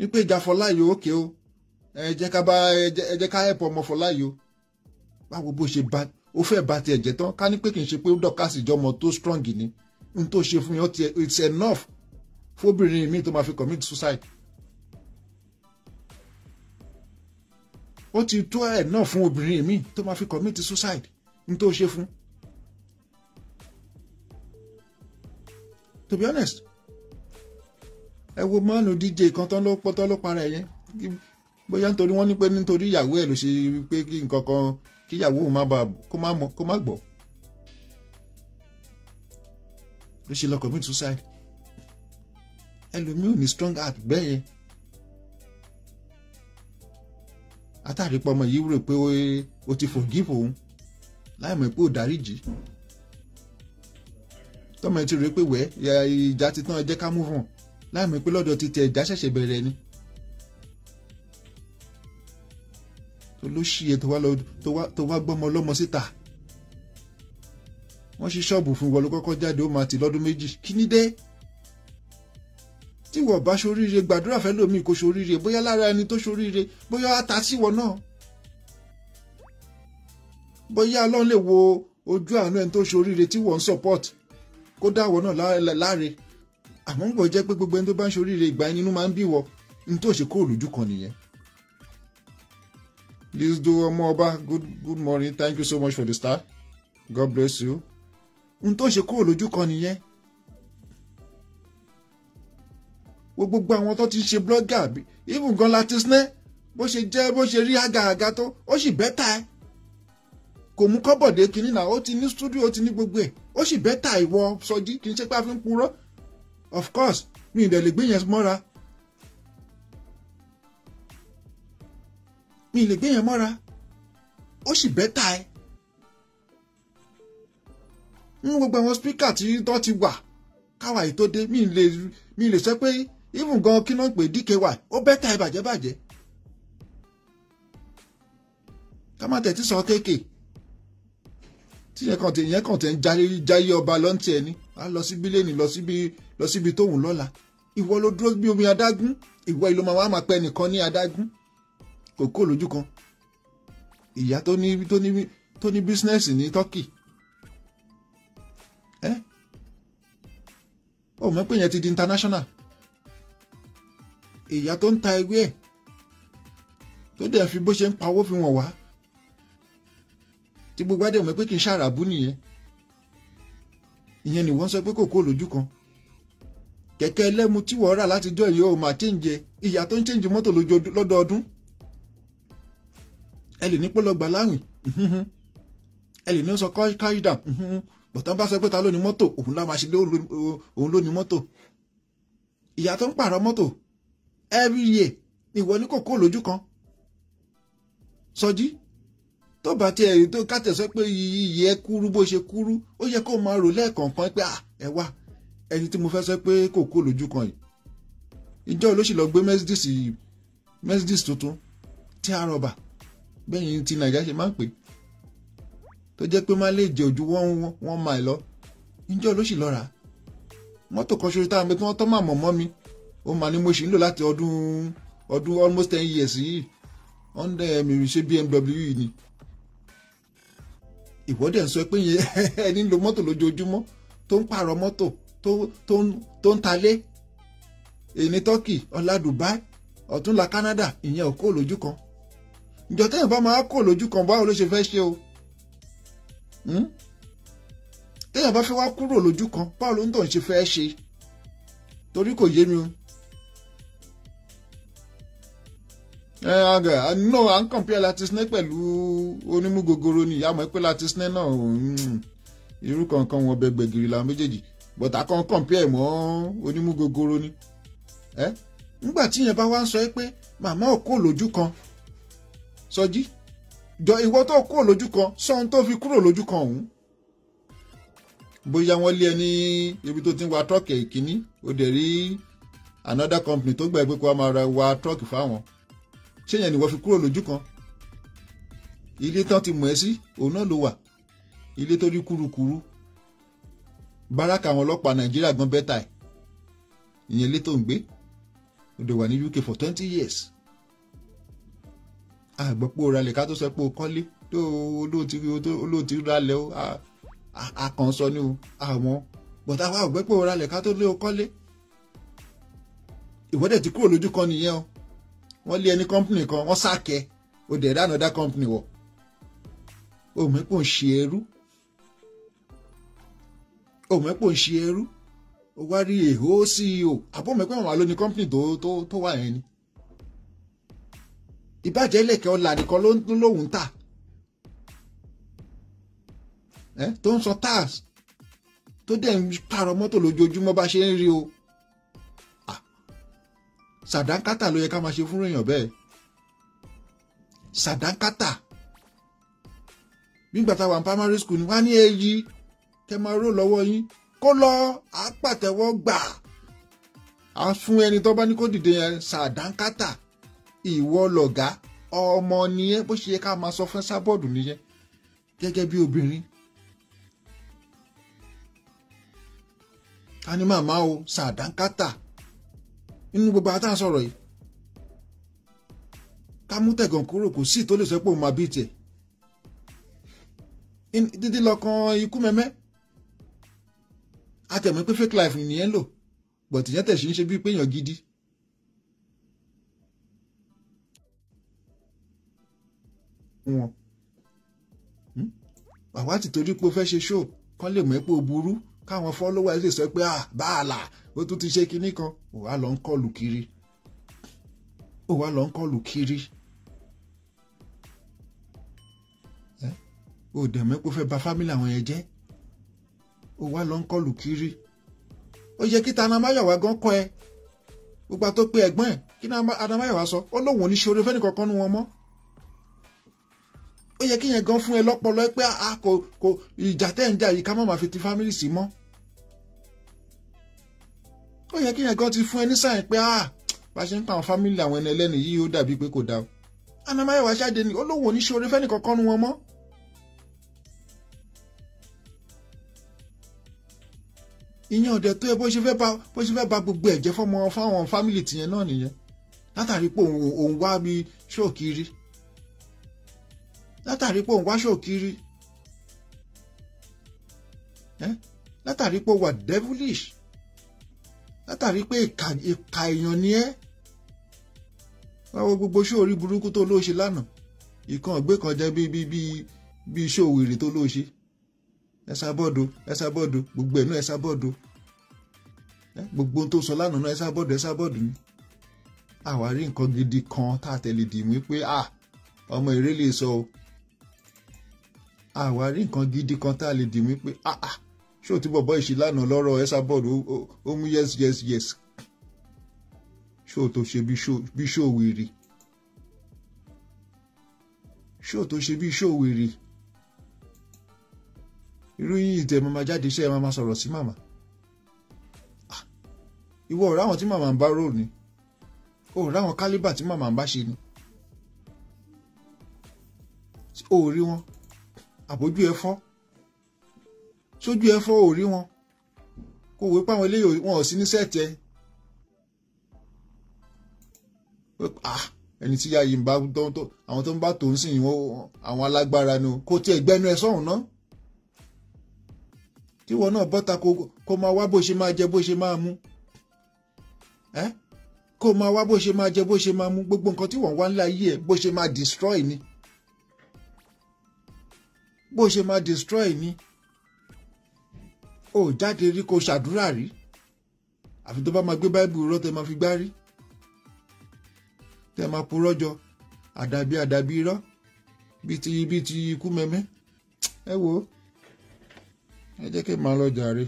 wípé ìjà Fọláyọ òkè o ẹ jẹ́ ká bá ẹ jẹ́ ká help ọmọ Fọláyọ báwo bó ṣe bá ó fẹ́ bá tiẹ̀ jẹ́ tán ká ní pé kì í ṣe pé ó dọ̀kásì jọmọ tó strong ni n tó ṣe fún yàn tiẹ̀ it's enough fóbìnrin mi tó máa fi commit suicide. ó ti tó ẹ̀ náà fún obìnrin mi tó máa fi commit suicide n tó ṣe fún. to be honest ẹ wo mọ́ọ̀nù dj kan tán ló pọ́tọ́ ló para ẹ̀yẹ bóyá nítorí wọ́n ní pé nítorí ìyàwó ẹ̀ ló ṣe pé kí nǹkan kan kí ìyàwó òun má ba kó má gbọ́ ló ṣe lọ commit suicide ẹlòmíì ní strong heart bẹ́ẹ̀ yẹn látàrí pé ọmọ yìí rò pé o ti forgive òun láì mọ̀ pé ò dáríjì tọ́mọ ẹ ti rò pé wẹ́ ìjà ti tán ẹ jẹ́ ká move on láàmì pé lọ́dọ̀ ti tẹ ẹ̀dá ṣẹ̀ṣẹ̀ bẹ̀rẹ̀ ni. tó ló ṣí iye tó wá gbọ́mọ ọlọ́mọ síta wọ́n ṣí ṣọ́ọ̀bù fún ìwọ ló kọ́kọ́ jáde ó máa ti lọ́dún méjì kí ní dé tí wọ́n bá ṣoríire gbàdúrà fẹ́ lómi kò ṣoríire bóyá lára ẹni tó ṣoríire bóyá á ta síwọ náà bóyá ọlọ́run lè wo ojú àánú ẹni tó ṣoríire tí wọ́n ń support kó dáwọ́ náà láre. la, la, àmọ́ ń gbọ́ jẹ́ pé gbogbo ẹni tó bá ń ṣoríire ìgbà inú máa ń bí wọ ní tó ṣe kó lójú kan nìyẹn. Lizdo ọmọ ọba good good morning thank you so much for the star God bless you n tó ṣe kó lójú kan nìyẹn. gbogbo àwọn tó ti ṣe blogger bí even gan láti sinẹ́ bó ṣe jẹ́ bó ṣe rí àgàgà tó ó sì bẹ́tà ẹ̀ kò mú kọ́bọ̀dé kínní náà ó ti ní stúdíò ó ti ní gbogbo ẹ̀ ó sì bẹ́tà ìwọ sọjí kì í ṣe pé a fi ń purọ́ of course mi ì dẹ̀ lè gbé yẹn mọ́ra mi ì lè gbé yẹn mọ́ra ó sì bẹ́tà ẹ nínú gbogbo àwọn spíkà tí tó ti wà káwa yìí tó dé mi ì lè mi ì lè sọ pé even gan kí ló ń pè DKY ó bẹ́tà ẹ bàjẹ́ bàjẹ́ ká má tẹ̀ tí sọ kéèké tí yẹn kàn tẹ̀ ń jáyé ọba lọ́ntì ẹni a lọ síbi lẹ́ni lọ síbi lọ síbi tó wù lọ́la ìwọ ló dúró bí omi adágún ìwọ ìlú máa wá máa pẹ nìkan ní adágún kò kó lójú kan ìyá tó ní tó ní tó ní bísínẹ́sì ní Tọ́kì ẹ́ ó mọ̀ pé yẹn ti di international ìyá tó ń ta ewé ẹ̀ tó dẹ̀ fi bó ṣe ń pawó fi wọ̀n wá tí gbogbo adé mọ̀ pé kì í ṣàràbù nìyẹn ìyẹn ni wọ́n sọ pé kò kó lójú kan kẹ̀kẹ́ ẹlẹ́mu tí wọ́n rà látijọ́ yìí ó máa chéǹjẹ ìyá tó ń chéǹjẹ mọ́tò lọ́dọọdún ẹ lè ní pọ́lọ́gbà láwìn ẹ lè ní sọ cash down bọ̀tán bá sọ pé ta ló ní mọ́tò òun lá máa ṣe lé òun ló ní mọ́tò ìyá tó ń pààrọ̀ mọ́tò every year ìwọ ni kò kó lójú kan sọjí. So, tó bá tiẹ̀ rí tó kàtẹ́sọ́ pé iyì ẹ kúrú bó ṣe kúrú ó yẹ kó máa rò lẹ́ẹ̀kọ̀ọ̀kan pé ẹ wá ẹni tí mo fẹ́ sọ pé kò kó lójú kan yìí ìjọ ló sì lọ gbé Mercedes Mercedes tuntun tí a rọ̀bà bẹ́yìn tí nàìjíríà ṣe máa ń pè tó jẹ́ pé má lè jẹ́ ojú wọ́n wọ́n máa lọ ìjọ ló sì lọ rà mọ́tò kan ṣoṣo táwọn ẹgbẹ́ tí wọ́n tọ́ máa mọ̀ mọ́ mi ó máa ní mo ṣì ń lò láti ọdún ọdún almost ten years yìí ọ̀ndẹ̀ mi ṣe BMW ni ìwọ́dẹ̀ ń sọ pé ẹni ń lo mọ́tò lójoojúmọ́ tó ń pààrọ̀ mọ́tò tó ń talé èní Turkey ọ̀la Dubai ọ̀túnla Canada ìyẹn ò kó lójú kan ìjọ tẹ́yìn bá máa kó lójú kan báwo ló ṣe fẹ́ ṣe o hmm? tẹ́yìn bá fẹ́ wá kúrò lójú kan báwo ló ń tàn ṣe fẹ́ ṣe torí kò yé mi o. no à ń compare Latisne pẹ̀lú onímúgogoro ni ìyá mọ̀ pé Latisne náà hmm, irú kankan wọn bẹ gbẹ̀gìrì làwọn méjèèjì but à kàn compare mọ́ onímúgogoro ni ẹ nígbà tí yẹn bá wá ń sọ pé màmá ò kó lójú kan sọjí jọ ìwọ tó kó lójú kan sọ ohun tó fi kúrò lójú kan òun bóyá wọ́n lé ẹ ní ibi tó ti ń wa tọ́ọ̀kì ìkíní ó dẹ̀ rí another company tó gbà pé kó wa máa ra wa tọ́ọ̀kì fáwọn ṣé yẹn ni wọ́n fi kúrò lójú kan ilé tán ti mọ̀ ẹ́ sí òun náà ló wà ilé tó rí kúrukúru báràkà àwọn ọlọ́pàá nàìjíríà gan bẹ́tà ẹ̀ ìyẹn ilé tó ń gbé ó wà ní UK for twenty years àgbọ̀ pé o ralẹ̀ ká tó sọ pé o kọ́lé tó olóòtú ralẹ̀ o àkànṣọ ni o àmọ́ bọ̀dá wa ò gbẹ́ pé o ralẹ̀ ká tó lé o kọ́lé ìwọ́dẹ̀ ti kúrò lójú kan nìyẹn o wọ́n lé ẹni company kan wọ́n sàkẹ́ o dẹ̀ dá another company wọ̀ o mọ̀ pé ò ń ṣe ẹrú o mọ̀ pé ò ń ṣe ẹrú o wá rí èhó CEO àbọ̀ mọ̀ pé màmá ló ní company tó tó tó wà yẹn ni ìbàjẹ́ ìlẹ̀kẹ̀ ọ̀la nìkan ló ń lóun tà tó ń sọ tax tó dẹ̀ ń pààrọ̀ mọ́tò lójoojúmọ́ bá ṣe ń rí o sàdánkátà ló yẹ ká máa ṣe fún èèyàn bẹ́ẹ̀ sàdánkátà nígbà táwọn primary school ni wọ́n á ní èyí kẹ́ máa ró lọ́wọ́ yín kó lọ àpàtẹ́wọ́ gbà á fún ẹni tó bá ní kó dìde yẹn sàdánkátà ìwọ lọ̀gá ọmọ nìyẹn bó ṣe yẹ ká máa sọ fún sábọ́ọ̀dù nìyẹn gẹ́gẹ́ bí obìnrin ká ní màmá o sàdánkátà nínú gbogbo àtà sọ̀rọ̀ yìí ká mú tẹ̀gàn kúrò kò sí tó lè sọ pé òun máa bí tiẹ̀ dídí lọ́kàn ikú mẹ́mẹ́ àtẹ̀mọ́ pé fake life nìyẹn lò bọ̀tì yẹn tẹ̀sí ń ṣe bíi pé èèyàn gidi. Hmm? wọn ti torí pé o fẹ́ ṣe ṣó kán lè mọ̀ ẹ́ pé o burú káwọn fọ́lọ́wà ẹ̀ sì sọ pé ah báàlà ó tún ti ṣe kinní kan ó wá lọ ń kọlù kiri ó wá lọ ń kọlù kiri ó dẹ̀ mẹ́pọ̀ fẹ́ ba fámìlì àwọn yẹn jẹ́ ó wá lọ ń kọlù kiri ó yẹ kí tanamáyọ̀wá gan kọ́ ẹ gbogbo àtó pé ẹ̀gbọ́n ẹ̀ kí ni adamáyọ̀wá sọ ó lóun ò ní nu wọn mọ́ yẹ kí yẹn gan fún ẹ lọ́pọlọ ẹ pé a ah, ah, kò kò ìjà tẹ́ ń jà yìí ká má máa fi ti fámìlì sí mọ́ ó yẹ kí yẹn gan ti fún ẹ ní sáyẹn pé a ah, bá ṣe ń pa àwọn fámìlì àwọn ẹni ẹlẹ́ni yìí ó dàbí pé kò dáa anamáyẹ̀wá ṣáde ni ó lóun ò ní ṣe oore kankan nu wọn mọ́. ìyẹn ọ̀dẹ̀ tó yẹ bó ṣe fẹ́ ba bó ṣe fẹ́ ba gbogbo ẹ̀jẹ̀ fọmọ fáwọn fámìlì tìyẹn náà nìyẹn látàrí pé òun wá bí ṣóòkiri látàrí pé òun wá ṣòkiri látàrí pé ó wà devilish látàrí pé ìka èèyàn ni ẹ́ wáwo gbogbo sóòrí burúkú tó lóò ṣe lánàá ìkan ọ̀gbé kan jẹ́ bíi bíi bíi sóòwìrì tó lóò ṣe ẹ̀sà bọ́ọ̀dù ẹ̀sà bọ́ọ̀dù gbogbo ẹ̀ náà ẹ̀sà bọ́ọ̀dù gbogbo ohun tó sọ lánàá náà ẹ̀sà bọ́ọ̀dù ẹ̀sà bọ́ọ̀dù ni àwa rí nǹkan gidi kan tá a tẹ̀lé dì mí pé ọmọ èrè sọ o àwárí nǹkan gidi kan tá a lè dì mí pé ah ah ṣé o ti bọ̀ bọ́ ìṣìlànà lọ́rọ̀ ẹ̀sà bọ́ọ̀dù ó mú yes yes yes ṣé o tó ṣe bí ṣòwìrì ṣé o tó ṣe bí ṣòwìrì irú yìí tẹ màmá jáde iṣẹ́ màmá sọ̀rọ̀ sí màmá ah, ìwọ ọ̀rọ̀ àwọn tí màmá ń bá rò ni ọ̀rọ̀ àwọn kálíbà tí màmá ń bá ṣe ni ó wọn àbójú ẹ fọ́ sójú ẹ fọ́ ò rí wọn kò wé páwọn eléyìí wọn ò sí ní sẹ́ẹ̀tì ẹ ẹni tí yáyí ń bá tó àwọn tó ń bá tòun sìn wọn àwọn alágbára ni kò tiẹ̀ gbẹnu ẹ sọ̀hún náà tí wọn náà bọ́ta kó máa wá bó ṣe máa jẹ bó ṣe máa mú ẹ kó máa wá bó ṣe máa jẹ bó ṣe máa mú gbogbo nǹkan tí wọ́n wá ńlá yìí ẹ bó ṣe máa destroy ni bó ṣe máa destroy ni ó jáde rí kó ṣàdúrà rí àfi tó bá máa gbé báìbù rọ tẹ máa fi gbá rí tẹ máa purọ́ jọ àdàbí àdàbí irọ́ bíi ti bíi ti ikú mẹ́mẹ́ ẹ wo ẹ jẹ́ kí n máa lọ jàre.